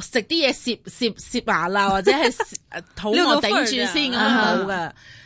食啲嘢攝攝攝牙罅，或者係肚餓頂住先咁樣好噶。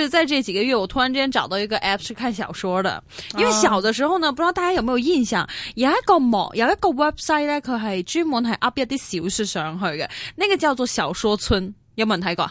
就在這幾個月，我突然之間找到一個 App 去看小說的，因為小的時候呢，oh. 不知道大家有沒有印象，有一個網，有一個 website 呢，佢係專門係 upload 啲小說上去嘅，呢個叫做小說村，有冇人睇過？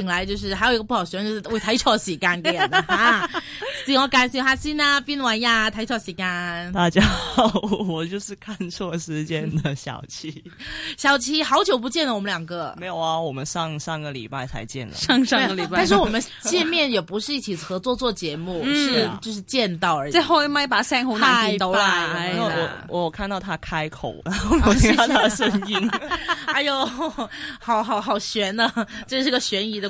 醒來就是還有一個不好學就是會睇錯時間嘅人啊！自我介紹下先啦，邊位啊？睇錯時間，大家好，我就是看錯時間的小七。小七好久不見了，我們兩個。沒有啊，我們上上個禮拜才見了，上上個禮拜。 但是我們見面也不是一起合作做節目， 是就是見到而已。最後一麥把腮紅男都來，啊、 了我我看到他開口，哦、 我聽到他的聲音。 哎呦，好好好懸呢、啊，這是個懸疑的。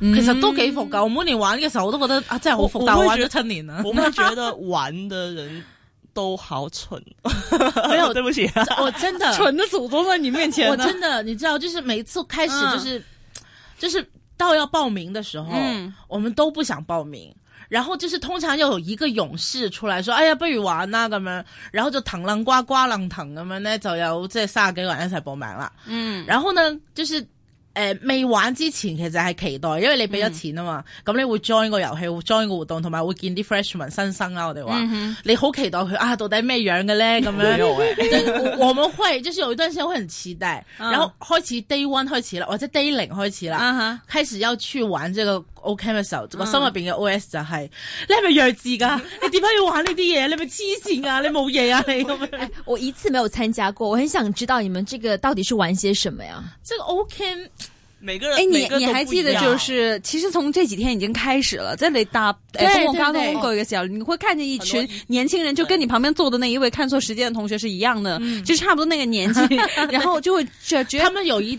其實都幾複雜，我每你玩的時候我都覺得啊，真係好複雜。我咗得你呢？我們覺得玩的人都好蠢，沒有，對不起啊，我真的蠢的祖宗在你面前。我真的，你知道，就是每一次開始，就是，就是到要報名的時候，我們都不想報名，然後就是通常要有一個勇士出來說，哎呀，不如玩那個嘛。」然後就螳螂瓜，瓜螂螳，那樣，那走要在再撒個蛋，才報名啦，嗯，然後呢，就是。誒未玩之前其實係期待，因為你俾咗錢啊嘛，咁、嗯、你會 join 個遊戲，join 個活動，同埋會見啲 freshman 新生啦。我哋話你好期待佢啊，到底咩樣嘅咧？咁樣，我們會即、就是有一段時間會很期待，哦、然後開始 day one 開始啦，或者 day 零開始啦，uh huh、開始要去玩這個 O.K. 時 so 候、嗯，我心入邊嘅 O.S. 就係你係咪弱智噶？你點解要玩呢啲嘢？你係咪痴線啊？你冇嘢啊你啊、 哎？我一次沒有參加過，我很想知道你們這個到底是玩些什麼呀？這個 O.K. 每個人，哎你都你還記得就是，其實從這幾天已經開始了，在你打誒，通、欸、過剛剛 logo 嘅時候，你會看見一群年輕人，就跟你旁邊坐的那一位看錯時間的同學是一樣的，嗯、就差不多那個年紀， 對 然後就會覺得他們有一。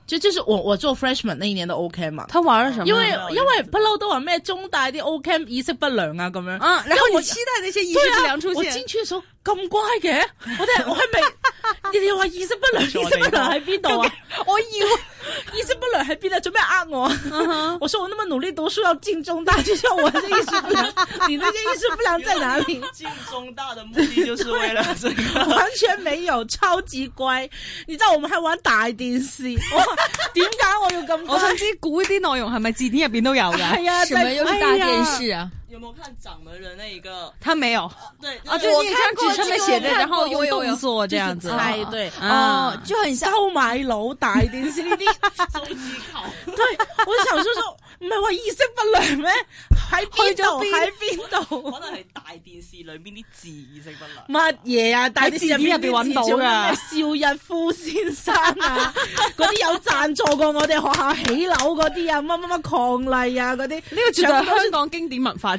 就就是我我做 freshman 那一年的 Ocamp 嘛，他玩了什麼？因為因為不嬲都話咩中大啲 Ocamp 意識不良啊咁樣，啊，然後我期待那些意識不良出現。我進去的時候咁乖嘅，我哋我係咪？你哋話意識不良？意識不良喺邊度啊？我以為意識不良喺邊度？準備呃我，我說我那麼努力讀書要進中大，就像我這意識不良。你那些意識不良在哪裏？進中大的目的就是為了這個，完全沒有，超級乖。你知道我們還玩大電視。點解？ 我要咁，我想知，估啲內容係咪字典入邊都有噶？係啊、哎呀，係咪？又係大件事啊？哎有冇看長的人那一個？他沒有。對，啊，就你看過上面寫着，然後有動作，這樣子。對，哦，就很像收買佬大電視呢啲手指球。對，我常叔叔唔係話意識不良咩？喺邊度？喺邊度？可能係大電視裏邊啲字意識不良。乜嘢啊？大電視邊入邊揾到嘅，邵逸夫先生啊，嗰啲有贊助過我哋學校起樓嗰啲啊，乜乜乜抗例啊，嗰啲呢個絕對香港經典文化。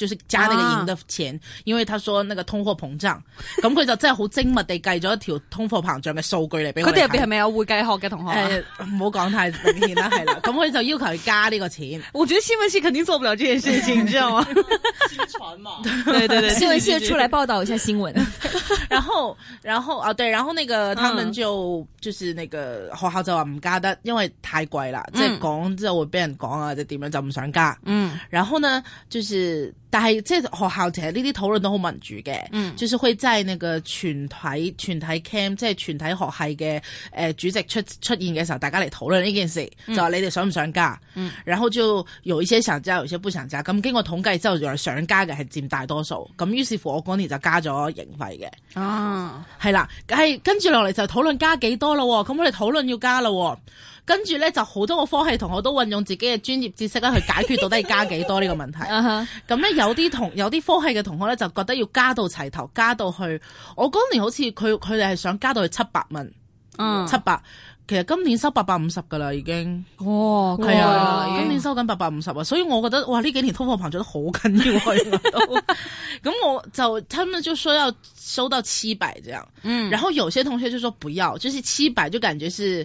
就是加那個贏的錢，因為他說那個通貨膨脹，咁佢就真係好精密地計咗一條通貨膨脹嘅數據嚟俾佢。佢哋入邊係咪有會計學嘅同學？係，唔好講太明顯啦，係啦。咁佢就要求佢加呢個錢。我覺得新聞系肯定做不了這件事情，你知道嗎？新傳嘛，對對對，新聞系出來報道一下新聞，然後然後啊，對，然後那個他們就就是那個學校就話唔加得，因為太貴啦，即係講之後會俾人講啊，或者點樣就唔想加。嗯，然後呢，就是。但係即係學校，其實呢啲討論都好民主嘅，嗯，就是會即係呢個全體全體 camp，即係全體學系嘅主席出出現嘅時候，大家嚟討論呢件事，嗯、就話你哋想唔想加。嗯、然後就有一些想加，有一些不想加。咁經過統計之後，就係想加嘅係佔大多數。咁於是乎，我嗰年就加咗營費嘅。啊係啦，係跟住落嚟就討論加幾多咯。咁我哋討論要加咯。跟住咧，就好多個科係同學都運用自己嘅專業知識去解決到底加幾多呢個問題。咁咧、 uh huh.，有啲同有啲科系嘅同學咧，就覺得要加到齊頭，加到去。我嗰年好似佢佢哋係想加到去七百蚊，七百、嗯。700, 其實今年收八百五十噶啦，已經。哦、了哇，係啊，今年收緊八百五十啊，所以我覺得哇，呢幾年通貨膨脹得好緊要啊。咁 我,我就差唔多需要收到七百這樣。嗯，然後有些同學就說不要，就是七百就感覺是。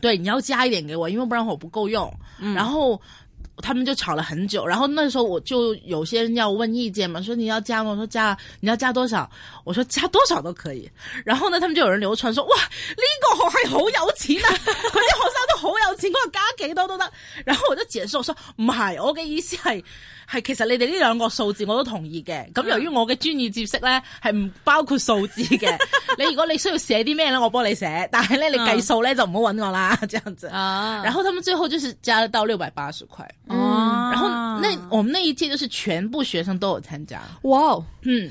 對，你要加一點給我，因為不然我不夠用。嗯、然後他們就吵了很久。然後那時候我就有些人要問意見嘛，說你要加嗎？我說加，你要加多少？我說加多少都可以。然後呢，他們就有人流傳說哇，呢個學系好有錢啊，佢啲學生都好有錢，話加幾多都得。然後我就解釋我說唔係，我嘅意思係。係，其實你哋呢兩個數字我都同意嘅。咁由於我嘅專業知識咧，係唔包括數字嘅。 你如果你需要寫啲咩咧，我幫你寫。但係你嚟計數咧就唔好搵我啦，這樣子。啊。然後他們最後就是加到六百八十塊。哦、嗯。嗯、然後那我們那一屆就是全部學生都有參加。哇 Wow。嗯。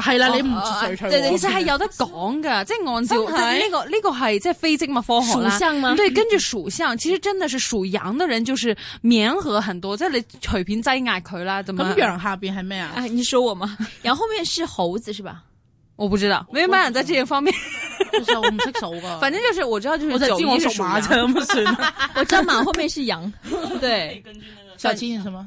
係啦，你唔其實係有得講噶，即係按照呢個呢個係即係非植物科學屬相嘛。對，跟住屬相，其實真的是屬羊的人就是綿和很多。即係你隨便擠壓佢啦，咁。咁羊下邊係咩啊？哎，你說我嘛？羊後面是猴子是吧？我不知道，沒辦法，在這些方面，唔唔太熟噶。反正就是我知道，就是我，陰屬馬，真唔算。我知道馬後面是羊，對。小青。什麼？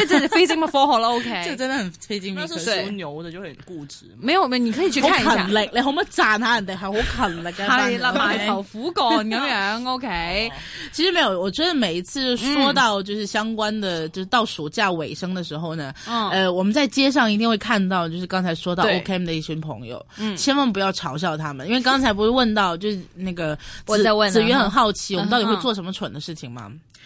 這這是非進麼科學了？OK，這個真的很非進，那是屬牛的對就很固執。沒有，沒，你可以去看一下。好，很累。你好，麼贊 他人？人哋係好勤力嘅，埋頭苦幹咁樣。OK， 其實沒有，我覺得每一次說到就是相關的，嗯、就是到暑假尾聲的時候呢，嗯、呃，我們在街上一定會看到，就是剛才說到 OK、M、的一群朋友，嗯千萬不要嘲笑他們，因為剛才不是問到就是那個我在問、啊、子瑜很好奇，我們到底會做什麼蠢的事情嗎？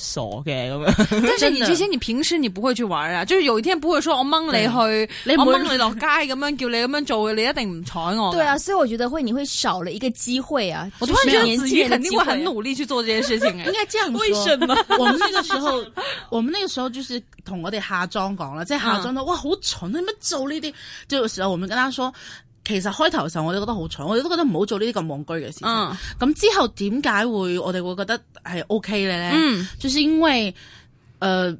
傻嘅咁樣，跟住而之前你平時你不會去玩啊，就是有一天不會說我掹你去，對我掹你落街咁樣對叫你咁樣做，你一定唔睬我。對啊，所以我覺得會你會少了一個機會啊。我突然之間，肯定會很努力去做這件事情，啊。 應該這樣說。為什麼？我們那個時候，我們那個時候就是同我哋下莊講啦，即係下莊都哇好蠢啊，你乜做呢啲？就有時候我們跟他說。其實開頭嘅時候我哋覺得好蠢，我哋都覺得唔好做呢啲咁憨居嘅事情。咁、嗯、之後點解會我哋會覺得係 OK 嘅咧？嗯，就是因為，誒、呃，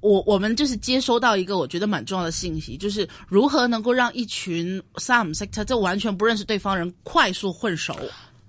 我我們就是接收到一個我覺得蠻重要嘅信息，就是如何能夠讓一群三唔識七，即係完全不認識對方人，快速混熟。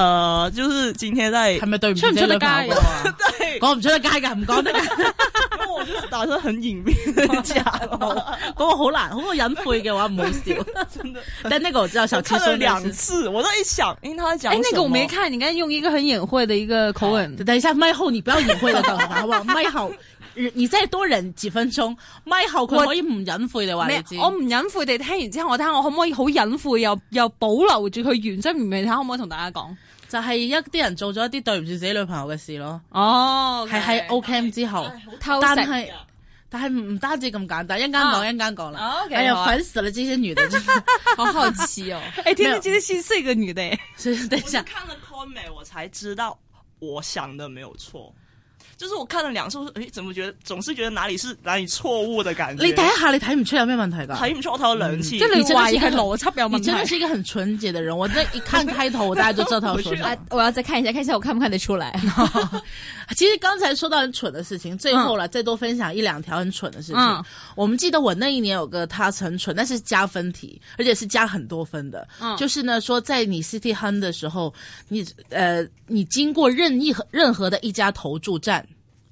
呃，就是今天在係咪對唔住你？講唔出得街噶，唔講呢我就是打算很隱蔽，真假咯。講我好難，好我隱晦嘅，話唔好笑。真的，但那個我知道小七說兩次，我在想，因為佢講，哎，那個我沒看，你剛才用一個很隱晦的一個口吻。等一下，麥後你不要隱晦啦，好唔好？麥後你再多忍幾分鐘，麥後佢可以唔隱晦的話，你知我唔隱晦地聽完之後，我睇下我可唔可以好隱晦又又保留住佢原汁原味，睇下可唔可以同大家講。就係一啲人做咗一啲對唔住自己女朋友嘅事咯。哦、oh, okay.，係喺 O.K. 之後，但係但係唔單止咁簡單一間講嘢間講啦。哎呀呦，煩死啦這些女的 好好奇哦。哎、欸，聽到今天心碎麼個女的。所以 等一下我看了 comment，我才知道我想的沒有錯就是我看了兩次，哎、欸，怎麼覺得總是覺得哪裏是哪裏錯誤的感覺？你等一下，你台唔出有咩問題台睇唔出我睇咗兩次，即係你是一佢邏輯有你真的是一個很純潔的，的，的人，我這一看開頭， 我大家都知佢講咩。我要再看一下，看一下我看不看得出來。 其實剛才說到很蠢的事情，最後了、嗯、再多分享一兩條很蠢的事情。嗯、我們記得我那一年有個他很蠢，但是加分題，而且是加很多分的。嗯，就是呢說，在你 City h u n 的時候，你呃，你經過任意任何的一家投注站。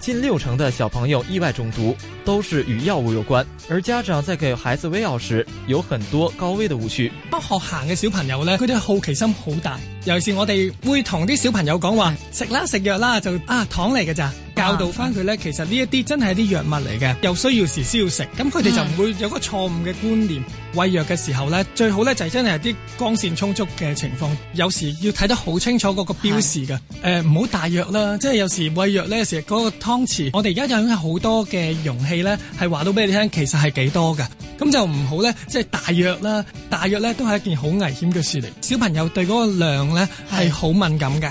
近六成的小朋友意外中毒，都是與藥物有關。而家長在給孩子餵藥時，有很多高危的誤區。不學行嘅小朋友呢，佢哋好奇心好大，尤其是我哋會同啲小朋友講話，食啦食藥啦，就啊糖嚟嘅咋？教導翻佢呢，其實呢一啲真係啲藥物嚟嘅，有需要時先要食，咁佢哋就唔會有個錯誤嘅觀念。喂藥嘅時候咧，最好咧就係真係啲光線充足嘅情況，有時要睇得好清楚嗰個標示嘅，誒唔好大約啦，即係有時喂藥咧有時嗰個湯匙，我哋而家有好多嘅容器咧係話到俾你聽，其實係幾多㗎。咁就唔好咧即係大約啦，大約咧都係一件好危險嘅事嚟，小朋友對嗰個量咧係好敏感嘅。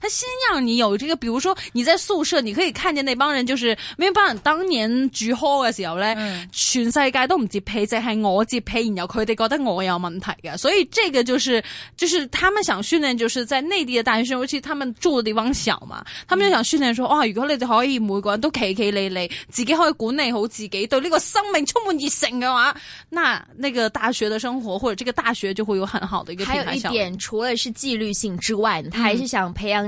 他先讓你有這個，比如說你在宿舍，你可以看見那幫人，就是沒幫人當年住 house 嘅時候咧，嗯、全世界都唔接配，就係我接配，然後佢哋覺得我有問題嘅。所以這個就是，就是他們想訓練，就是在內地嘅大學生，尤其他們住嘅地方小嘛，他們就想訓練說，哇、嗯啊，如果你哋可以每個人都企企理理，自己可以管理好自己，對呢個生命充滿熱誠嘅話，那呢個大學的生活或者這個大學就會有很好的一個平。還有一點，除了是紀律性之外，他還是想培養、嗯。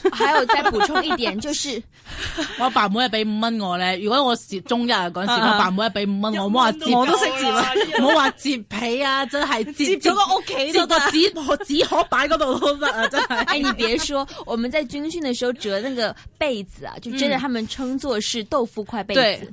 還有再補充一點，就是 我爸每日俾五蚊我咧，如果我是中一啊，嗰陣時我爸每日俾五蚊， 我冇話折，都我都識折，冇話折皮啊，就係折咗個屋企，就到紙殼紙殼擺嗰度都得啊，真係。哎，你別說，我們在軍訓的時候折那個被子啊，就真的他們稱作是豆腐塊被子。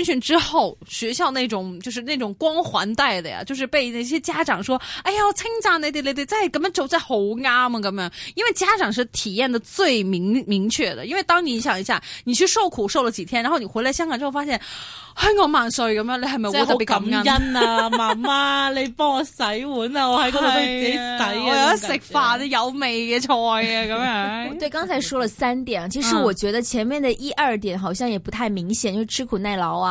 軍訓之後，學校那種就是那種光環帶的呀，就是被那些家長說：“哎呀，我稱讚你哋你哋真係咁樣做真係好啱啊咁樣，因為家長是體驗的最明明確的，因為當你想一下，你去受苦受了幾天，然後你回來香港之後發現，香港萬歲咁樣，你係咪會特別感，感恩啊？媽媽， 你幫我洗碗啊，我喺度自己洗，啊，啊食飯都有味嘅菜啊，咁樣。 我對，剛才說了三點，其、就、實、是、我覺得前面的一二點好像也不太明顯，嗯、就吃苦耐勞啊。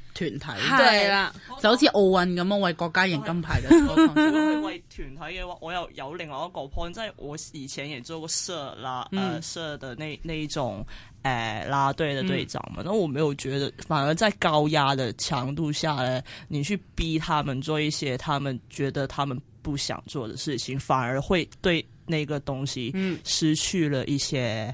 團體對啦，對了好就好似奧運咁樣，為國家贏金牌嘅。如果我我為團體嘅話，我又有，有另外一個 point，即係我以前也做過社啦，呃、嗯、社的那那一種誒、呃、拉隊的隊長嘛。嗯、但我沒有覺得，反而在高壓的強度下呢，你去逼他們做一些他們覺得他們不想做的事情，反而會對那個東西失去了一些。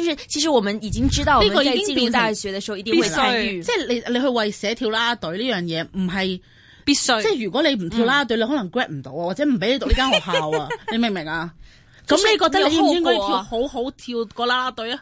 即使其實我們已經知道，呢個已經變大學嘅時候一定會難，即係你你去為寫跳啦隊呢樣嘢，唔係必須，即係如果你唔跳啦隊，嗯、你可能 grad 唔到啊，或者唔俾你讀呢間學校啊， 你明唔明啊？咁你覺得你應唔應該跳好好跳個啦隊啊？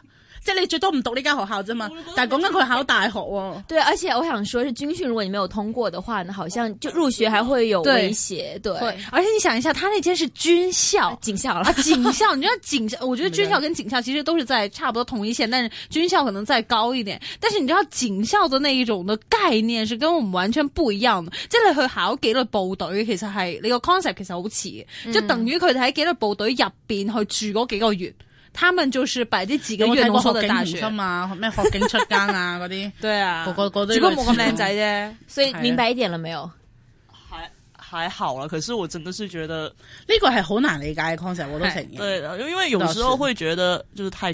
即係你最多唔讀呢間學校啫嘛， 但係講緊佢考大學喎，啊。對，而且我想說，是軍訓如果你沒有通過的話呢，呢好像就入學還會有威脅。對，而且你想一下，他那間是軍校、警校啦，啊，警校， 你知道警校，我覺得軍校跟警校其實都是在差不多同一線，但是軍校可能再高一點。但是你知道警校的那一種的概念是跟我們完全不一樣的，即係你去考紀律部隊，其實係你個 concept 其實好似，就等於佢哋喺紀律部隊入邊去住嗰幾個月。嗯他們就是擺啲幾個月入讀的大學嘛，咩學警、啊、出更啊嗰啲， 對啊，個個嗰啲，只不過冇咁靚仔啫，所以明白一點了沒有？還還好啦，可是我真的是覺得呢個係好難理解嘅 concept，我都承認。對，因為有時候會覺得就是太。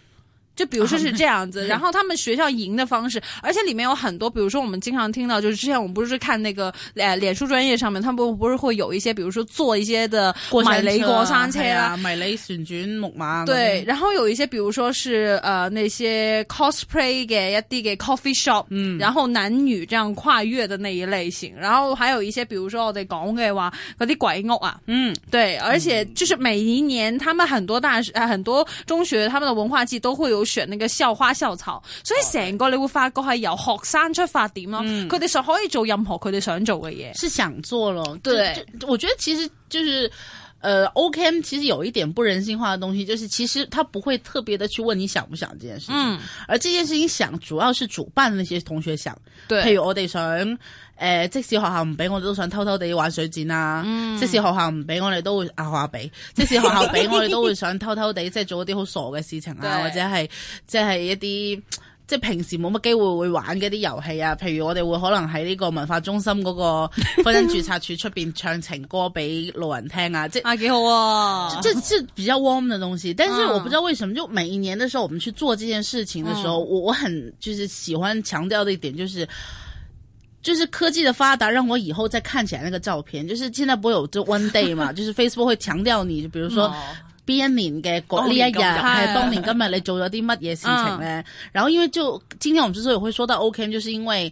就比如說是這樣子， 然後他們學校贏的方式，而且裏面有很多，比如說我們經常聽到，就是之前我們不是看那個誒，臉書專業上面，他們不是會有一些，比如說坐一些的過山車，買雷車啊，迷雷旋轉木馬，對，然後有一些，比如說是呃那些 cosplay 嘅一啲嘅 coffee shop，嗯，然後男女這樣跨越的那一類型，然後還有一些，比如說我哋講嘅話嗰啲鬼屋啊，嗯，對，而且就是每一年他們很多大學很多中學他們的文化祭都會有。選那個校花校草，所以成個你會發覺係由學生出發點咯，佢哋就可以做任何佢哋想做嘅嘢，是想做咯。對,對，我覺得其實就是，誒、呃、，Ocamp，其實有一點不人性化嘅東西，就是其實他不會特別的去問你想不想呢件事情，嗯、而呢件事情想，主要是主辦的那些同學想，對，譬如 audition。誒、呃，即使學校唔俾，我哋都想偷偷地玩水戰啊、嗯即！即使學校唔俾，我哋都會學校俾；即使學校俾，我哋都會想偷偷地即係做一啲好傻嘅事情啊！對或者係、就是、即係一啲即係平時冇乜機會會玩嘅一啲遊戲啊！譬如我哋會可能喺呢個文化中心嗰個婚姻註冊處出面唱情歌俾路人聽啊！ 即係幾、啊、好啊！即係比較 warm 嘅東西，但是我不知道為什麼，就每一年嘅時，時候，我們去做呢件事情嘅時候，我我很就是喜歡強調的一點，就是。就是科技的發達，讓我以後再看起來那個照片，就是現在不會有這 one day 嘛， 就是 Facebook 會強調你，就比如說，邊年嘅過嚟呀，還有、哎、當年今日你做咗啲乜嘢事情咧。嗯、然後因為就今天我們之所以會說到 OK，就是因為。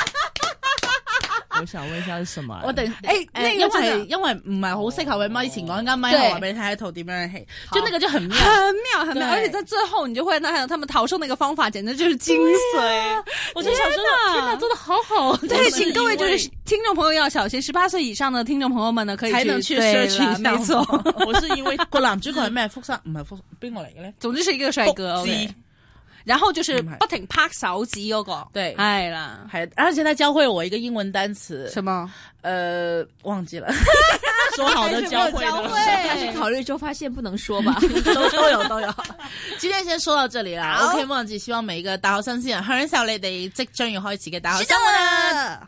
我想問一下是什麼？我等，那誒，因為因為不是好適合喂麥，以前講一間麥，我話俾你聽一套點樣嘅戲，就那個就很妙，很妙，很妙，而且在最後你就會那還有他們逃生那個方法，簡直就是精髓。我天啊，天啊，做得好好！對，請各位就是聽眾朋友要小心，十八歲以上的聽眾朋友們呢，可以才能去 s e a r 沒錯，我是因為個男主角係咩？福山唔係福邊個嚟嘅咧？總之是一個帥哥。ok。然後就是不停拍手指嗰個，對，係啦，還而且佢教會我一個英文單詞，什麼？呃忘記了， 說好的教會，但是， 是考慮就發現不能說吧， 都都有都有，今天先說到這裏啦好，OK，忘記，希望每一個大學新鮮人享受你哋即將要開始嘅大學生活啦。